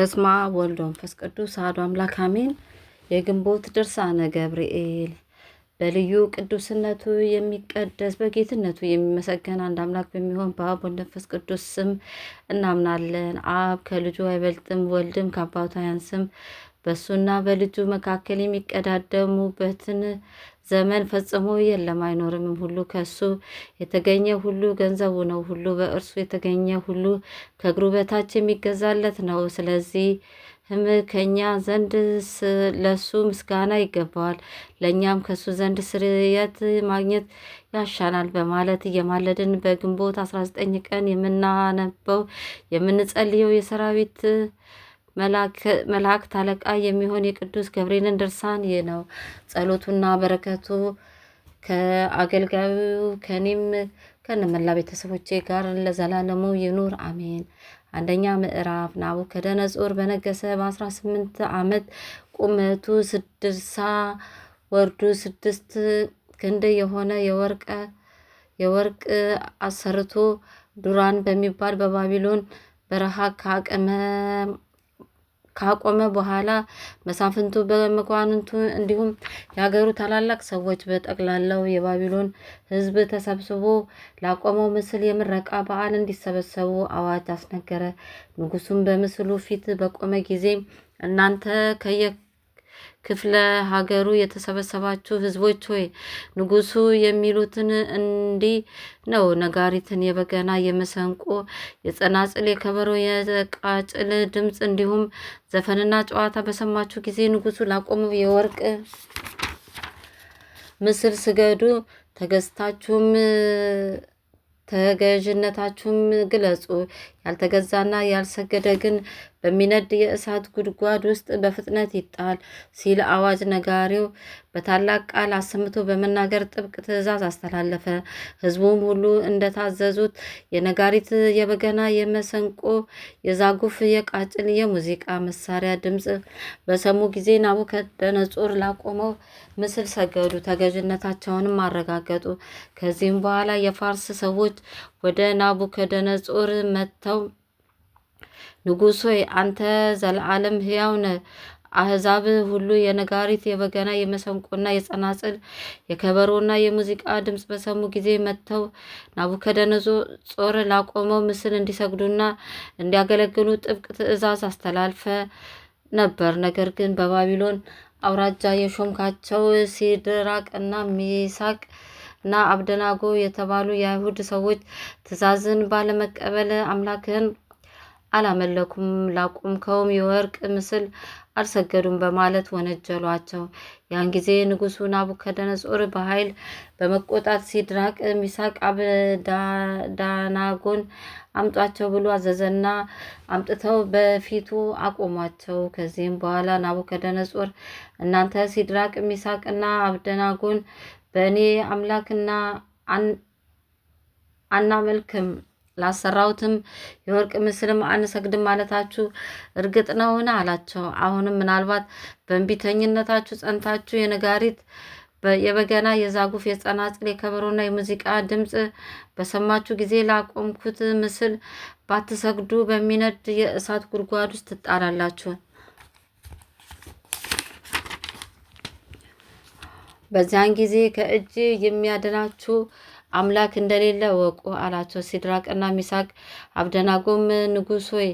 በስመ አብ ወወልድ ወመንፈስ ቅዱስ አሐዱ አምላክ አሜን። የግንቦት ድርሳነ ገብርኤል በልዩ ቅዱስነቱ የሚቀደስ በጌትነቱ የሚመሰገን አንድ አምላክ በሚሆን በአብ ወልድ መንፈስ ቅዱስ ስም እናምናለን። አብ ከልጁ አይበልጥም፣ ወልድም ከአባቱ አያንስም። በእሱና በልጁ መካከል የሚቀዳደሙበትን ዘመን ፈጽሞ የለም አይኖርምም። ሁሉ ከእሱ የተገኘ ሁሉ ገንዘቡ ነው። ሁሉ በእርሱ የተገኘ ሁሉ ከእግሩ በታች የሚገዛለት ነው። ስለዚህ ህም ከእኛ ዘንድ ለሱ ምስጋና ይገባዋል፣ ለእኛም ከሱ ዘንድ ስርየት ማግኘት ያሻናል በማለት እየማለድን በግንቦት 19 ቀን የምናነበው የምንጸልየው የሰራዊት መላእክት አለቃ የሚሆን የቅዱስ ገብርኤልን ድርሳን ይህ ነው። ጸሎቱና በረከቱ ከአገልጋዩ ከኔም ከነመላ ቤተሰቦቼ ጋር ለዘላለሙ ይኑር አሜን። አንደኛ ምዕራፍ ናቡከደነጾር በነገሰ በ18 ዓመት ቁመቱ ስድሳ ወርዱ ስድስት ክንድ የሆነ የወርቅ የወርቅ አሰርቶ ዱራን በሚባል በባቢሎን በረሃ ከአቅመ ካቆመ በኋላ መሳፍንቱ በመኳንንቱ እንዲሁም የሀገሩ ታላላቅ ሰዎች በጠቅላላው የባቢሎን ሕዝብ ተሰብስቦ ላቆመው ምስል የምረቃ በዓል እንዲሰበሰቡ አዋጅ አስነገረ። ንጉሱም በምስሉ ፊት በቆመ ጊዜ እናንተ ከየ ክፍለ ሀገሩ የተሰበሰባችሁ ህዝቦች ሆይ ንጉሱ የሚሉትን እንዲህ ነው። ነጋሪትን፣ የበገና፣ የመሰንቆ፣ የጸናጽል፣ የከበሮ፣ የቃጭል ድምፅ እንዲሁም ዘፈንና ጨዋታ በሰማችሁ ጊዜ ንጉሱ ላቆመው የወርቅ ምስል ስገዱ። ተገዝታችሁም ተገዥነታችሁም ግለጹ። ያልተገዛና ያልሰገደ ግን በሚነድ የእሳት ጉድጓድ ውስጥ በፍጥነት ይጣል ሲል አዋጅ ነጋሪው በታላቅ ቃል አሰምቶ በመናገር ጥብቅ ትእዛዝ አስተላለፈ። ሕዝቡም ሁሉ እንደታዘዙት የነጋሪት፣ የበገና፣ የመሰንቆ፣ የዛጉፍ፣ የቃጭል፣ የሙዚቃ መሳሪያ ድምፅ በሰሙ ጊዜ ናቡከደነጾር ላቆመው ምስል ሰገዱ፣ ተገዥነታቸውንም አረጋገጡ። ከዚህም በኋላ የፋርስ ሰዎች ወደ ናቡከደነጾር መጥተው ንጉሥ ሆይ አንተ ዘለዓለም ሕያው ነ አሕዛብ ሁሉ የነጋሪት፣ የበገና፣ የመሰንቆና የጸናጽል፣ የከበሮና የሙዚቃ ድምፅ በሰሙ ጊዜ መጥተው ጾር ላቆመው ምስል እንዲሰግዱና እንዲያገለግሉ ጥብቅ ትእዛዝ አስተላልፈ ነበር። ነገር ግን በባቢሎን አውራጃ የሾምካቸው ሲድራቅ ሚሳቅ እና አብደናጎ የተባሉ የአይሁድ ሰዎች ትእዛዝን ባለመቀበል አምላክህን አላመለኩም፣ ላቆምከውም የወርቅ ምስል አልሰገዱም በማለት ወነጀሏቸው። ያን ጊዜ ንጉሱ ናቡከደነጾር በኃይል በመቆጣት ሲድራቅ፣ ሚሳቅ፣ አብዳናጎን አምጧቸው ብሎ አዘዘና አምጥተው በፊቱ አቆሟቸው። ከዚህም በኋላ ናቡከደነጾር እናንተ ሲድራቅ፣ ሚሳቅና አብደናጎን በእኔ አምላክና አናመልክም ላሰራሁትም የወርቅ ምስልም አንሰግድም ማለታችሁ እርግጥ ነውን? አላቸው። አሁንም ምናልባት በእንቢተኝነታችሁ ጸንታችሁ የነጋሪት የበገና የዛጉፍ የጸናጽል የከበሮና የሙዚቃ ድምፅ በሰማችሁ ጊዜ ላቆምኩት ምስል ባትሰግዱ በሚነድ የእሳት ጉድጓድ ውስጥ ትጣላላችሁ። በዚያን ጊዜ ከእጅ የሚያድናችሁ አምላክ እንደሌለ ወቁ አላቸው። ሲድራቅና ሚሳቅ አብደናጎም ንጉሥ ሆይ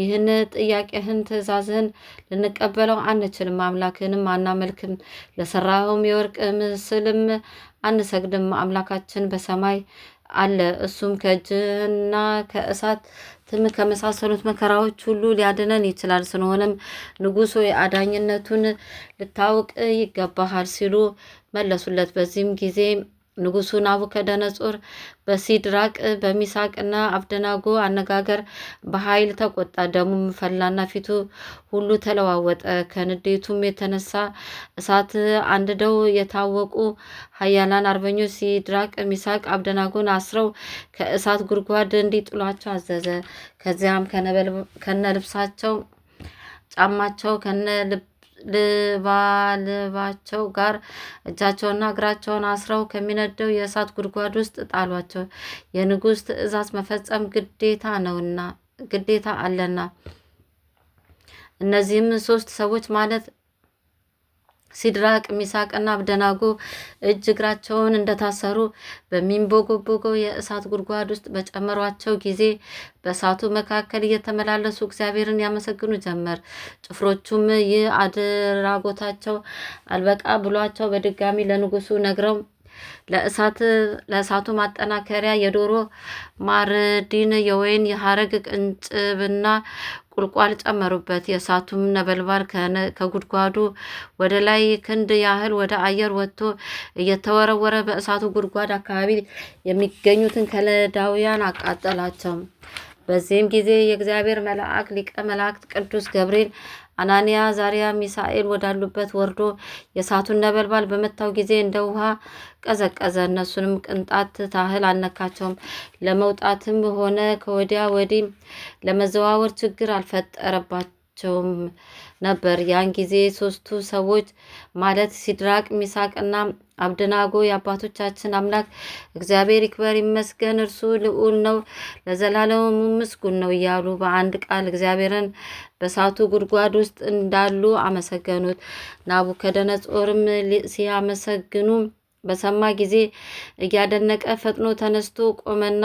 ይህን ጥያቄህን ትእዛዝህን ልንቀበለው አንችልም፣ አምላክህንም አናመልክም፣ ለሰራኸውም የወርቅ ምስልም አንሰግድም። አምላካችን በሰማይ አለ። እሱም ከእጅና ከእሳት ትም ከመሳሰሉት መከራዎች ሁሉ ሊያድነን ይችላል። ስለሆነም ንጉሥ ሆይ አዳኝነቱን ልታውቅ ይገባሃል ሲሉ መለሱለት። በዚህም ጊዜ ንጉሱ ናቡከደነጾር በሲድራቅ በሚሳቅና አብደናጎ አነጋገር በኃይል ተቆጣ። ደሙም ፈላና ፊቱ ሁሉ ተለዋወጠ። ከንዴቱም የተነሳ እሳት አንድደው የታወቁ ኃያላን አርበኞች ሲድራቅ፣ ሚሳቅ፣ አብደናጎን አስረው ከእሳት ጉድጓድ እንዲጥሏቸው አዘዘ። ከዚያም ከነ ልብሳቸው ጫማቸው ከነ ልብ ልባልባቸው ጋር እጃቸውና እግራቸውን አስረው ከሚነደው የእሳት ጉድጓድ ውስጥ ጣሏቸው። የንጉሥ ትእዛዝ መፈጸም ግዴታ ነውና ግዴታ አለና እነዚህም ሶስት ሰዎች ማለት ሲድራቅ ሚሳቅና አብደናጎ እጅ እግራቸውን እንደታሰሩ በሚንቦጎቦገው የእሳት ጉድጓድ ውስጥ በጨመሯቸው ጊዜ በእሳቱ መካከል እየተመላለሱ እግዚአብሔርን ያመሰግኑ ጀመር። ጭፍሮቹም ይህ አድራጎታቸው አልበቃ ብሏቸው በድጋሚ ለንጉሱ ነግረው ለእሳቱ ማጠናከሪያ የዶሮ ማርዲን የወይን የሀረግ ቅንጭብና ቁልቋል ጨመሩበት። የእሳቱም ነበልባል ከጉድጓዱ ወደ ላይ ክንድ ያህል ወደ አየር ወጥቶ እየተወረወረ በእሳቱ ጉድጓድ አካባቢ የሚገኙትን ከለዳውያን አቃጠላቸው። በዚህም ጊዜ የእግዚአብሔር መልአክ ሊቀ መላእክት ቅዱስ ገብርኤል አናንያ ዛሪያ ሚሳኤል ወዳሉበት ወርዶ የእሳቱን ነበልባል በመታው ጊዜ እንደ ውሃ ቀዘቀዘ። እነሱንም ቅንጣት ታህል አልነካቸውም። ለመውጣትም ሆነ ከወዲያ ወዲህ ለመዘዋወር ችግር አልፈጠረባቸውም። ነበር። ያን ጊዜ ሶስቱ ሰዎች ማለት ሲድራቅ፣ ሚሳቅና አብደናጎ የአባቶቻችን አምላክ እግዚአብሔር ይክበር ይመስገን፣ እርሱ ልዑል ነው፣ ለዘላለሙ ምስጉን ነው እያሉ በአንድ ቃል እግዚአብሔርን በሳቱ ጉድጓድ ውስጥ እንዳሉ አመሰገኑት። ናቡከደነጾርም ሲያመሰግኑ በሰማ ጊዜ እያደነቀ ፈጥኖ ተነስቶ ቆመና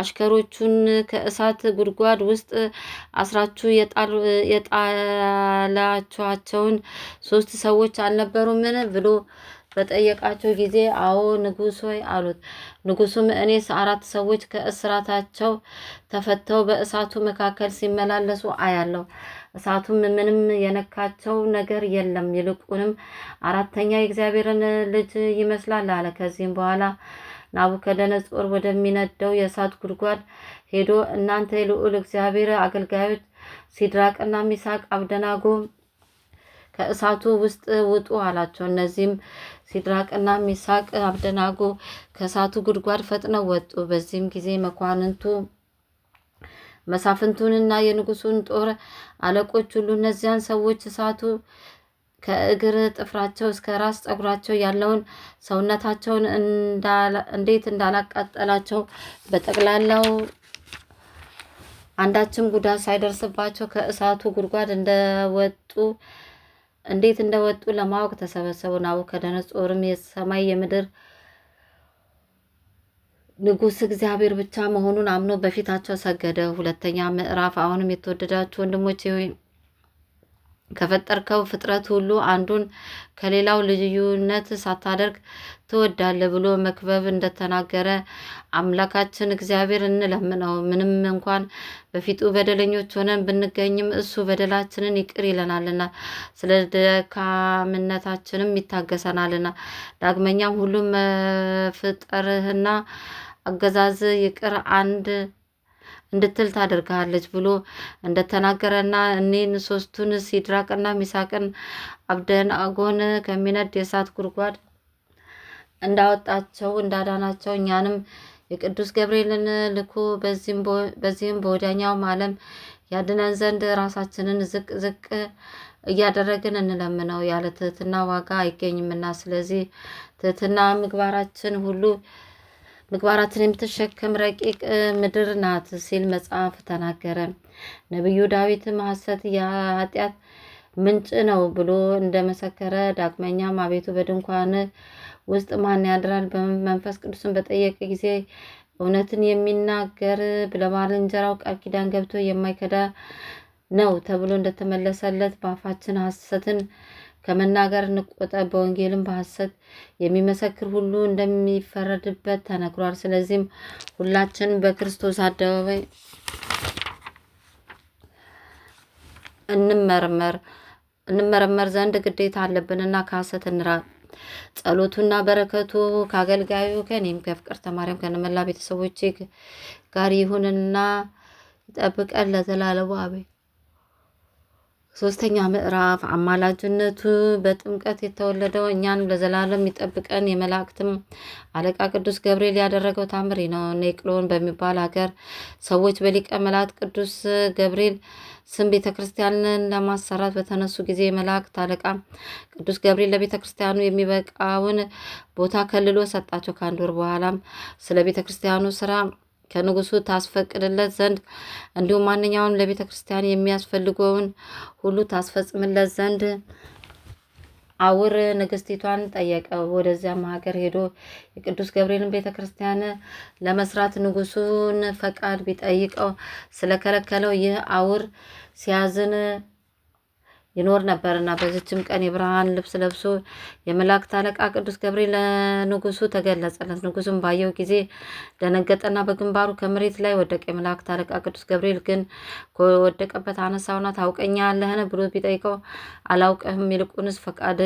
አሽከሮቹን ከእሳት ጉድጓድ ውስጥ አስራችሁ የጣላችኋቸውን ሶስት ሰዎች አልነበሩምን? ብሎ በጠየቃቸው ጊዜ አዎ ንጉሥ ሆይ አሉት። ንጉሱም እኔስ አራት ሰዎች ከእስራታቸው ተፈተው በእሳቱ መካከል ሲመላለሱ አያለሁ እሳቱም ምንም የነካቸው ነገር የለም። ይልቁንም አራተኛ የእግዚአብሔርን ልጅ ይመስላል አለ። ከዚህም በኋላ ናቡከደነጾር ወደሚነደው የእሳት ጉድጓድ ሄዶ እናንተ የልዑል እግዚአብሔር አገልጋዮች ሲድራቅና ሚሳቅ አብደናጎ ከእሳቱ ውስጥ ውጡ አላቸው። እነዚህም ሲድራቅና ሚሳቅ አብደናጎ ከእሳቱ ጉድጓድ ፈጥነው ወጡ። በዚህም ጊዜ መኳንንቱ መሳፍንቱንና የንጉሱን ጦር አለቆች ሁሉ እነዚያን ሰዎች እሳቱ ከእግር ጥፍራቸው እስከ ራስ ጸጉራቸው ያለውን ሰውነታቸውን እንዴት እንዳላቃጠላቸው በጠቅላላው አንዳችም ጉዳት ሳይደርስባቸው ከእሳቱ ጉድጓድ እንደወጡ እንዴት እንደወጡ ለማወቅ ተሰበሰቡ። ናቡከደነጾርም የሰማይ የምድር ንጉሥ እግዚአብሔር ብቻ መሆኑን አምኖ በፊታቸው ሰገደ። ሁለተኛ ምዕራፍ። አሁንም የተወደዳችሁ ወንድሞች ሆይ ከፈጠርከው ፍጥረት ሁሉ አንዱን ከሌላው ልዩነት ሳታደርግ ትወዳለህ ብሎ መክበብ እንደተናገረ አምላካችን እግዚአብሔር እንለምነው። ምንም እንኳን በፊቱ በደለኞች ሆነን ብንገኝም እሱ በደላችንን ይቅር ይለናልና ስለ ደካምነታችንም ይታገሰናልና። ዳግመኛም ሁሉም መፍጠርህና አገዛዝ ይቅር አንድ እንድትል ታደርግሃለች ብሎ እንደተናገረና እኔን ሶስቱን ሲድራቅና ሚሳቅን አብደናጎን ከሚነድ የእሳት ጉድጓድ እንዳወጣቸው እንዳዳናቸው እኛንም የቅዱስ ገብርኤልን ልኮ በዚህም በወዲያኛውም ዓለም ያድነን ዘንድ ራሳችንን ዝቅ ዝቅ እያደረግን እንለምነው። ያለ ትህትና ዋጋ አይገኝምና፣ ስለዚህ ትህትና ምግባራችን ሁሉ ምግባራትን የምትሸከም ረቂቅ ምድር ናት ሲል መጽሐፍ ተናገረ። ነቢዩ ዳዊትም ሐሰት የኃጢአት ምንጭ ነው ብሎ እንደመሰከረ፣ ዳግመኛም አቤቱ በድንኳን ውስጥ ማን ያድራል? በመንፈስ ቅዱስን በጠየቀ ጊዜ እውነትን የሚናገር ለባልንጀራው ቃል ኪዳን ገብቶ የማይከዳ ነው ተብሎ እንደተመለሰለት በአፋችን ሐሰትን ከመናገር እንቆጠብ። በወንጌልም በሐሰት የሚመሰክር ሁሉ እንደሚፈረድበት ተነግሯል። ስለዚህም ሁላችን በክርስቶስ አደባባይ እንመርመር እንመረመር ዘንድ ግዴታ አለብንና ከሐሰት እንራቅ። ጸሎቱና በረከቱ ከአገልጋዩ ከእኔም ከፍቅርተ ማርያም ከነመላ ቤተሰቦቼ ጋር ይሁንና ይጠብቀን ለዘላለሙ አሜን። ሶስተኛ ምዕራፍ አማላጅነቱ በጥምቀት የተወለደው እኛን ለዘላለም ይጠብቀን። የመላእክትም አለቃ ቅዱስ ገብርኤል ያደረገው ታምሪ ነው። ኔቅሎን በሚባል ሀገር ሰዎች በሊቀ መላእክት ቅዱስ ገብርኤል ስም ቤተ ክርስቲያንን ለማሰራት በተነሱ ጊዜ የመላእክት አለቃ ቅዱስ ገብርኤል ለቤተ ክርስቲያኑ የሚበቃውን ቦታ ከልሎ ሰጣቸው። ከአንድ ወር በኋላም ስለ ቤተ ክርስቲያኑ ስራ ከንጉሱ ታስፈቅድለት ዘንድ እንዲሁም ማንኛውም ለቤተ ክርስቲያን የሚያስፈልገውን ሁሉ ታስፈጽምለት ዘንድ አውር ንግስቲቷን ጠየቀ። ወደዚያም ሀገር ሄዶ የቅዱስ ገብርኤልን ቤተ ክርስቲያን ለመስራት ንጉሱን ፈቃድ ቢጠይቀው ስለከለከለው ይህ አውር ሲያዝን ይኖር ነበርና በዚችም ቀን የብርሃን ልብስ ለብሶ የመላእክት አለቃ ቅዱስ ገብርኤል ለንጉሱ ተገለጸለት። ንጉሱም ባየው ጊዜ ደነገጠና በግንባሩ ከመሬት ላይ ወደቀ። የመላእክት አለቃ ቅዱስ ገብርኤል ግን ከወደቀበት አነሳውና ታውቀኛለህን ብሎ ቢጠይቀው አላውቅህም፣ ይልቁንስ ፈቃድ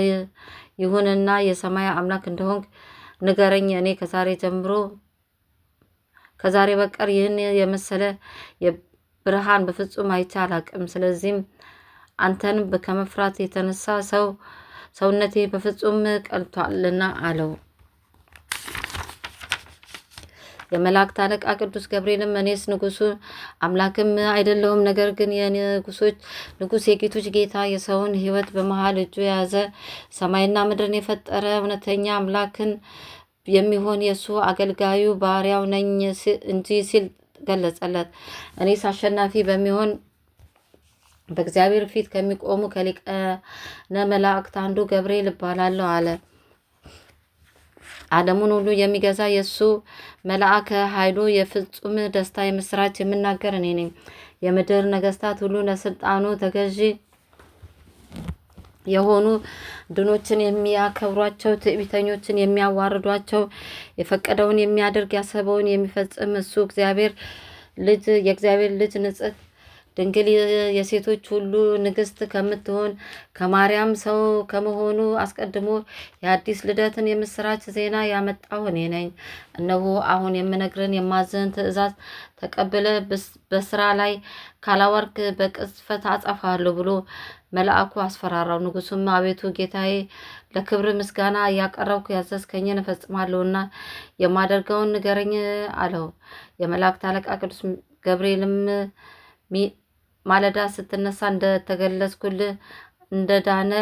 ይሁንና የሰማይ አምላክ እንደሆንክ ንገረኝ። እኔ ከዛሬ ጀምሮ ከዛሬ በቀር ይህን የመሰለ ብርሃን በፍጹም አይቼ አላቅም። ስለዚህም አንተን ከመፍራት የተነሳ ሰው ሰውነቴ በፍጹም ቀልቷልና አለው። የመላእክት አለቃ ቅዱስ ገብርኤልም እኔስ ንጉሱ አምላክም አይደለሁም፣ ነገር ግን የንጉሶች ንጉስ የጌቶች ጌታ የሰውን ሕይወት በመሀል እጁ የያዘ ሰማይና ምድርን የፈጠረ እውነተኛ አምላክን የሚሆን የእሱ አገልጋዩ ባሪያው ነኝ እንጂ ሲል ገለጸለት። እኔስ አሸናፊ በሚሆን በእግዚአብሔር ፊት ከሚቆሙ ከሊቀነ መላእክት አንዱ ገብርኤል እባላለሁ አለ። ዓለሙን ሁሉ የሚገዛ የእሱ መልአከ ኃይሉ የፍጹም ደስታ የምስራች የምናገር እኔ ነኝ። የምድር ነገስታት ሁሉ ለስልጣኑ ተገዢ የሆኑ ድኖችን የሚያከብሯቸው፣ ትዕቢተኞችን የሚያዋርዷቸው፣ የፈቀደውን የሚያደርግ ያሰበውን የሚፈጽም እሱ እግዚአብሔር ልጅ የእግዚአብሔር ልጅ ንጽሕት ድንግል የሴቶች ሁሉ ንግስት ከምትሆን ከማርያም ሰው ከመሆኑ አስቀድሞ የአዲስ ልደትን የምስራች ዜና ያመጣሁ እኔ ነኝ። እነሆ አሁን የምነግርን የማዘን ትእዛዝ ተቀብለ በስራ ላይ ካላወርክ በቅጽፈት አጸፋለሁ ብሎ መልአኩ አስፈራራው። ንጉሱም አቤቱ ጌታዬ ለክብር ምስጋና እያቀረብኩ ያዘዝከኝን እፈጽማለሁና የማደርገውን ንገረኝ አለው። የመላእክት አለቃ ቅዱስ ገብርኤልም ማለዳ ስትነሳ እንደተገለጽኩልህ እንደዳነ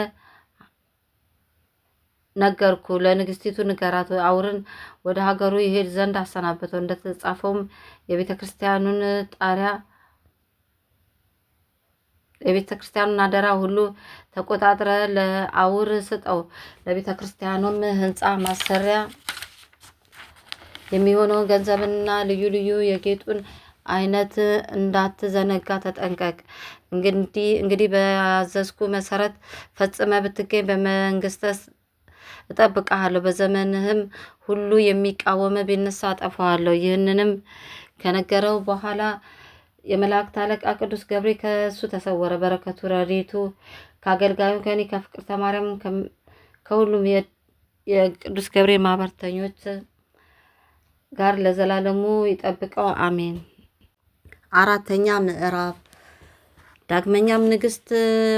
ነገርኩ። ለንግስቲቱ ንገራት አውርን ወደ ሀገሩ ይሄድ ዘንድ አሰናበተው። እንደተጻፈውም የቤተ ክርስቲያኑን ጣሪያ የቤተ ክርስቲያኑን አደራ ሁሉ ተቆጣጥረ ለአውር ስጠው። ለቤተ ክርስቲያኑም ህንፃ ማሰሪያ የሚሆነውን ገንዘብና ልዩ ልዩ የጌጡን አይነት እንዳትዘነጋ ተጠንቀቅ። እንግዲህ እንግዲህ በያዘዝኩ መሰረት ፈጽመ ብትገኝ በመንግስተ እጠብቀሃለሁ፣ በዘመንህም ሁሉ የሚቃወመ ቢነሳ አጠፋዋለሁ። ይህንንም ከነገረው በኋላ የመላእክት አለቃ ቅዱስ ገብርኤል ከእሱ ተሰወረ። በረከቱ ረድኤቱ ከአገልጋዩ ከኔ ከፍቅርተ ማርያም ከሁሉም የቅዱስ ገብርኤል ማህበርተኞች ጋር ለዘላለሙ ይጠብቀው፣ አሜን። አራተኛ ምዕራፍ ዳግመኛም ንግስት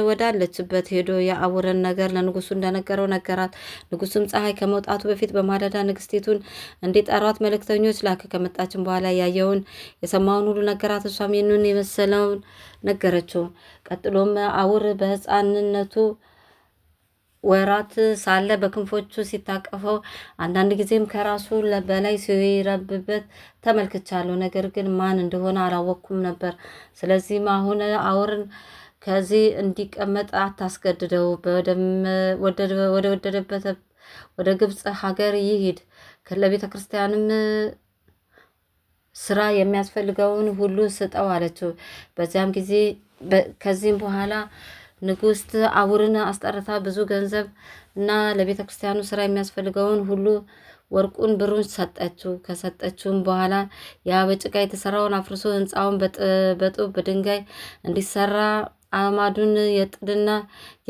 ወዳለችበት ሄዶ የአውረን ነገር ለንጉሱ እንደነገረው ነገራት። ንጉሱም ፀሐይ ከመውጣቱ በፊት በማለዳ ንግስቲቱን እንዲጠሯት መልእክተኞች ላከ። ከመጣችን በኋላ ያየውን የሰማውን ሁሉ ነገራት። እሷም ይህንን የመሰለውን ነገረችው። ቀጥሎም አውር በህፃንነቱ ወራት ሳለ በክንፎቹ ሲታቀፈው አንዳንድ ጊዜም ከራሱ በላይ ሲረብበት ተመልክቻለሁ። ነገር ግን ማን እንደሆነ አላወቅኩም ነበር። ስለዚህም አሁን አውርን ከዚህ እንዲቀመጥ አታስገድደው፣ ወደ ወደደበት ወደ ግብፅ ሀገር ይሂድ። ለቤተ ክርስቲያንም ስራ የሚያስፈልገውን ሁሉ ስጠው አለችው። በዚያም ጊዜ ከዚህም በኋላ ንግሥት አቡርን አስጠርታ ብዙ ገንዘብ እና ለቤተ ክርስቲያኑ ስራ የሚያስፈልገውን ሁሉ ወርቁን ብሩን ሰጠችው። ከሰጠችውም በኋላ ያ በጭቃ የተሰራውን አፍርሶ ህንፃውን በጡብ በድንጋይ እንዲሰራ አማዱን የጥድና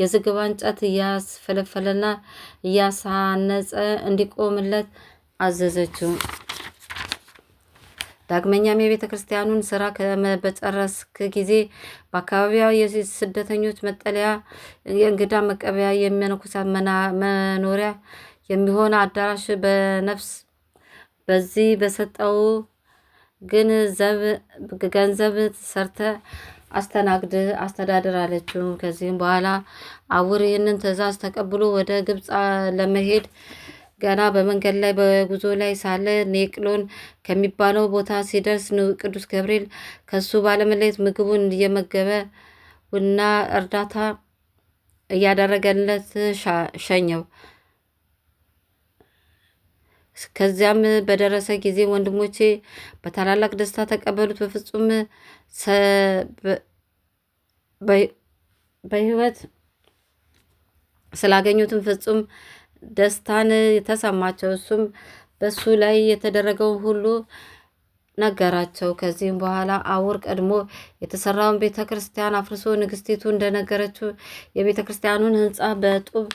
የዝግባ እንጨት እያስፈለፈለና እያሳነጸ እንዲቆምለት አዘዘችው። ዳግመኛም የቤተ ክርስቲያኑን ስራ በጨረስክ ጊዜ በአካባቢያ የስደተኞች መጠለያ፣ የእንግዳ መቀበያ፣ የመነኮሳት መኖሪያ የሚሆን አዳራሽ በነፍስ በዚህ በሰጠው ግን ዘብ ገንዘብ ሰርተ አስተናግድ አስተዳደር አለችው። ከዚህም በኋላ አውር ይህንን ትእዛዝ ተቀብሎ ወደ ግብፅ ለመሄድ ገና በመንገድ ላይ በጉዞ ላይ ሳለ ኔቅሎን ከሚባለው ቦታ ሲደርስ ቅዱስ ገብርኤል ከሱ ባለመለየት ምግቡን እየመገበ ውና እርዳታ እያደረገለት ሸኘው። ከዚያም በደረሰ ጊዜ ወንድሞቼ በታላላቅ ደስታ ተቀበሉት። በፍጹም በሕይወት ስላገኙትም ፍጹም ደስታን ተሰማቸው። እሱም በሱ ላይ የተደረገውን ሁሉ ነገራቸው። ከዚህም በኋላ አውር ቀድሞ የተሰራውን ቤተ ክርስቲያን አፍርሶ ንግስቲቱ እንደነገረችው የቤተ ክርስቲያኑን ህንፃ በጡብ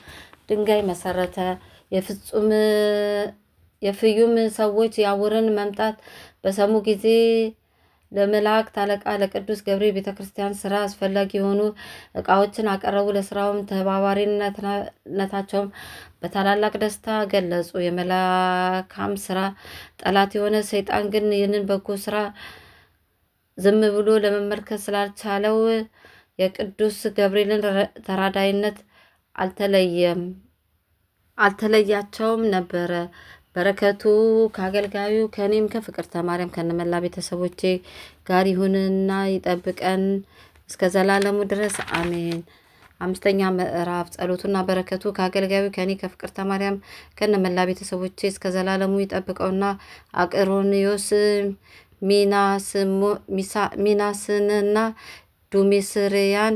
ድንጋይ መሰረተ። የፍጹም የፍዩም ሰዎች የአውርን መምጣት በሰሙ ጊዜ ለመላእክት አለቃ ለቅዱስ ገብርኤል ቤተ ክርስቲያን ስራ አስፈላጊ የሆኑ እቃዎችን አቀረቡ። ለስራውም ተባባሪነታቸውም በታላላቅ ደስታ ገለጹ። የመልካም ስራ ጠላት የሆነ ሰይጣን ግን ይህንን በጎ ስራ ዝም ብሎ ለመመልከት ስላልቻለው የቅዱስ ገብርኤልን ተራዳይነት አልተለየም አልተለያቸውም ነበረ። በረከቱ ከአገልጋዩ ከእኔም ከፍቅርተ ማርያም ከነመላ ቤተሰቦቼ ጋር ይሁንና ይጠብቀን እስከ ዘላለሙ ድረስ አሜን። አምስተኛ ምዕራፍ ጸሎቱና በረከቱ ከአገልጋዩ ከእኔ ከፍቅርተ ማርያም ከነመላ ቤተሰቦቼ እስከ ዘላለሙ ይጠብቀውና አቅሮንዮስ ሚናስንና ዱሜስርያን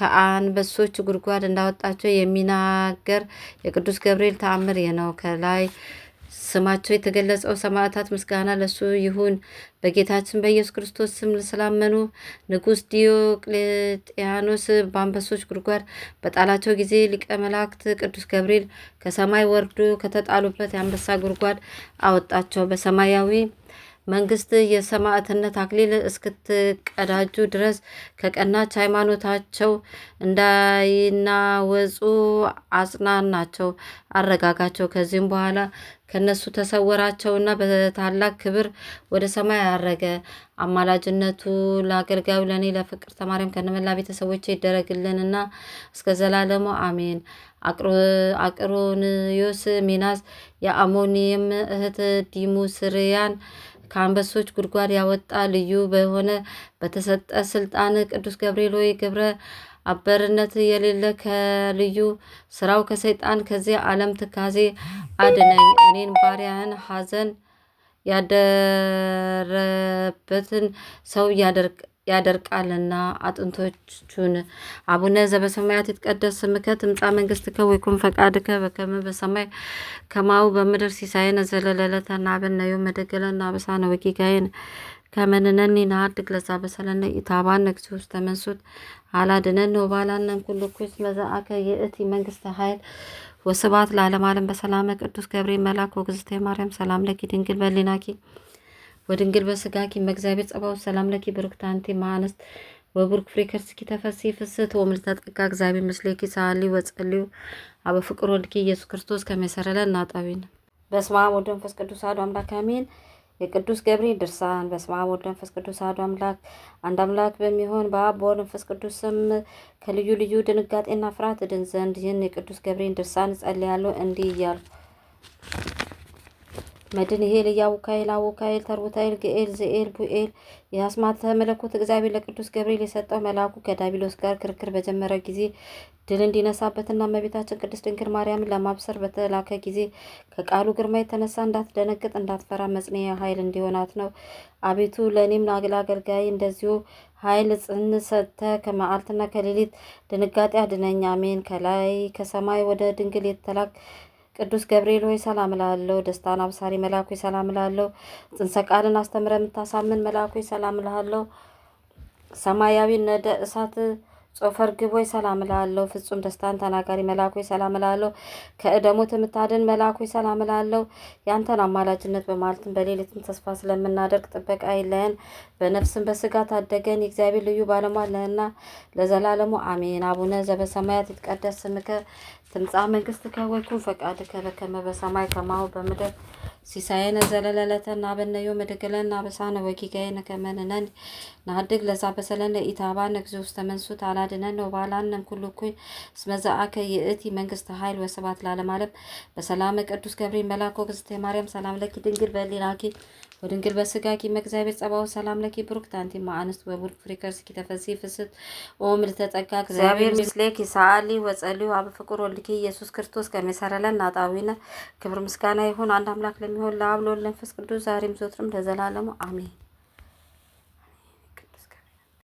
ከአንበሶች ጉድጓድ እንዳወጣቸው የሚናገር የቅዱስ ገብርኤል ተአምር ነው። ከላይ ስማቸው የተገለጸው ሰማዕታት ምስጋና ለሱ ይሁን። በጌታችን በኢየሱስ ክርስቶስ ስም ስላመኑ ንጉሥ ዲዮቅሌጥያኖስ በአንበሶች ጉድጓድ በጣላቸው ጊዜ ሊቀ መላእክት ቅዱስ ገብርኤል ከሰማይ ወርዶ ከተጣሉበት የአንበሳ ጉድጓድ አወጣቸው። በሰማያዊ መንግስት የሰማዕትነት አክሊል እስክትቀዳጁ ድረስ ከቀናች ሃይማኖታቸው እንዳይናወጹ አጽናናቸው፣ አረጋጋቸው። ከዚህም በኋላ ከነሱ ተሰወራቸውና በታላቅ ክብር ወደ ሰማይ አረገ። አማላጅነቱ ለአገልጋዩ ለእኔ ለፍቅር ማርያም ከነመላ ቤተሰቦች ይደረግልንና እስከ ዘላለሙ አሜን። አቅሮንዮስ ሚናስ፣ የአሞኒየም እህት ዲሙስርያን። ከአንበሶች ጉድጓድ ያወጣ ልዩ በሆነ በተሰጠ ስልጣን ቅዱስ ገብርኤል ሆይ ግብረ አበርነት የሌለ ከልዩ ስራው ከሰይጣን ከዚህ ዓለም ትካዜ አድነኝ። እኔን ባሪያህን ሐዘን ያደረበትን ሰው ያደርግ ያደርቃልና አጥንቶቹን። አቡነ ዘበሰማያት ይትቀደስ ስምከ ትምጻእ መንግስትከ ወይኩን ፈቃድከ በከመ በሰማይ ከማሁ በምድር ሲሳየነ ዘለለዕለትነ ሀበነ ዮም መደገለነ አበሳነ ወጌጋየነ ከመ ንሕነኒ ንኀድግ ለዘአበሰለነ ኢታባነ እግዚኦ ውስተ መንሱት አላድነነ ወባላነ እምኩሉ ኩስ መዛአከ የእቲ መንግስተ ኃይል ወስብሐት ለዓለመ ዓለም በሰላመ ቅዱስ ገብርኤል መልአክ ወእግዝእትየ ማርያም ሰላም ለኪ ድንግል በሊናኪ ወድንግል በስጋ ኪመ እግዚአብሔር ጸባኦት ሰላም ለኪ ብርክት አንቲ መአንስት ወቡርክ ፍሬ ከርስኪ ተፈሲ ፍስት ወምልዕተ ጸጋ እግዚአብሔር ምስሌኪ ሳሊ ወጸልዩ አበ ፍቅር ወልድኪ ኢየሱስ ክርስቶስ ከመሰረለ እናጣዊን በስመ አብ ወወልድ ወመንፈስ ቅዱስ አሐዱ አምላክ አሜን። የቅዱስ ገብርኤል ድርሳን። በስመ አብ ወወልድ ወመንፈስ ቅዱስ አሐዱ አምላክ አንድ አምላክ በሚሆን በአብ በወልድ መንፈስ ቅዱስ ስም ከልዩ ልዩ ድንጋጤና ፍርሃት እድን ዘንድ ይህን የቅዱስ ገብርኤል ድርሳን እጸልያለሁ እንዲህ እያልኩ መድንሄል እያቡካኤል አቡካኤል ተርቡታኤል ግኤል ዝኤል ቡኤል የአስማተ መለኮት እግዚአብሔር ለቅዱስ ገብርኤል የሰጠው መልአኩ ከዳቢሎስ ጋር ክርክር በጀመረ ጊዜ ድል እንዲነሳበትና እመቤታችን ቅድስት ድንግል ማርያምን ለማብሰር በተላከ ጊዜ ከቃሉ ግርማ የተነሳ እንዳትደነግጥ እንዳትፈራ መጽንያ ኃይል እንዲሆናት ነው። አቤቱ ለእኔም ለአገልጋይ እንደዚሁ ኃይል ጽን ሰጥተህ ከመዓልትና ከሌሊት ድንጋጤ አድነኝ። አሜን። ከላይ ከሰማይ ወደ ድንግል የተላክ ቅዱስ ገብርኤል ሆይ ሰላም ላለው፣ ደስታን አብሳሪ መልአኩ ሆይ ሰላም ላለው፣ ጽንሰ ቃልን አስተምረ የምታሳምን መልአኩ ሆይ ሰላም ላለው፣ ሰማያዊ ነደ እሳት ጾፈር ግብ ሆይ ሰላም ላለው፣ ፍጹም ደስታን ተናጋሪ መልአኩ ሆይ ሰላም ላለው፣ ከእደሞት የምታድን መልአኩ ሆይ ሰላም ላለው፣ ያንተን አማላጅነት በማለትም በሌሊትም ተስፋ ስለምናደርግ ጥበቃ አይለየን፣ በነፍስም በስጋ ታደገን። የእግዚአብሔር ልዩ ባለሟል ለዘላለሙ አሜን። አቡነ ዘበሰማያት ይትቀደስ ስምከ ትምጻእ መንግሥትከ ወይኩን ፈቃድ ከበከመ በሰማይ ከማሁ በምድር ሲሳየነ ዘለለለተ እና ዮም ወኅድግ አበሳነ ወጌጋየነ ከመ ንሕነኒ ንኅድግ ለዘአበሰለነ ኢታብአነ እግዚኦ ውስተ መንሱት አላድኅነነ ወባልሐነ ኩሉ እኩይ እስመ ዘአከ ይእቲ መንግሥተ ኃይል ወስብሐት ለዓለመ ዓለም። በሰላም ቅዱስ ገብርኤል መላኮ ግዝቴ ማርያም ሰላም ለኪ ድንግል በሊናኪ ወድንግል በስጋ ኪመ እግዚአብሔር ጸባው ሰላም ለኪ ብሩክት አንቲ እምአንስት ወቡሩክ ፍሬ ከርሥኪ ተፈሥሒ ፍስሕት ኦ ምልዕተ እግዚአብሔር ምስሌኪ ሰአሊ ወጸልዩ አብ ፍቁር ወልድኪ ኢየሱስ ክርስቶስ ከመ ይሠረይ ክብር ምስጋና ይሁን አንድ አምላክ ለሚሆን ለአብ ለወልድ ለመንፈስ ቅዱስ ዛሬም ዘወትርም ለዘላለሙ አሜን።